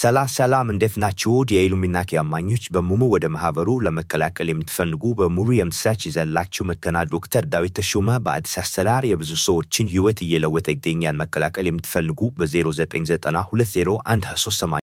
ሰላ ሰላም እንዴት ናችሁ? የኢሉሚናቲ አማኞች በሙሉ ወደ ማህበሩ ለመቀላቀል የምትፈልጉ በሙሉ የምስራች ይዘላችሁ መተና ዶክተር ዳዊት ተሾመ በአዲስ አሰራር የብዙ ሰዎችን ህይወት እየለወጠ ይገኛል። መቀላቀል የምትፈልጉ በ 0992013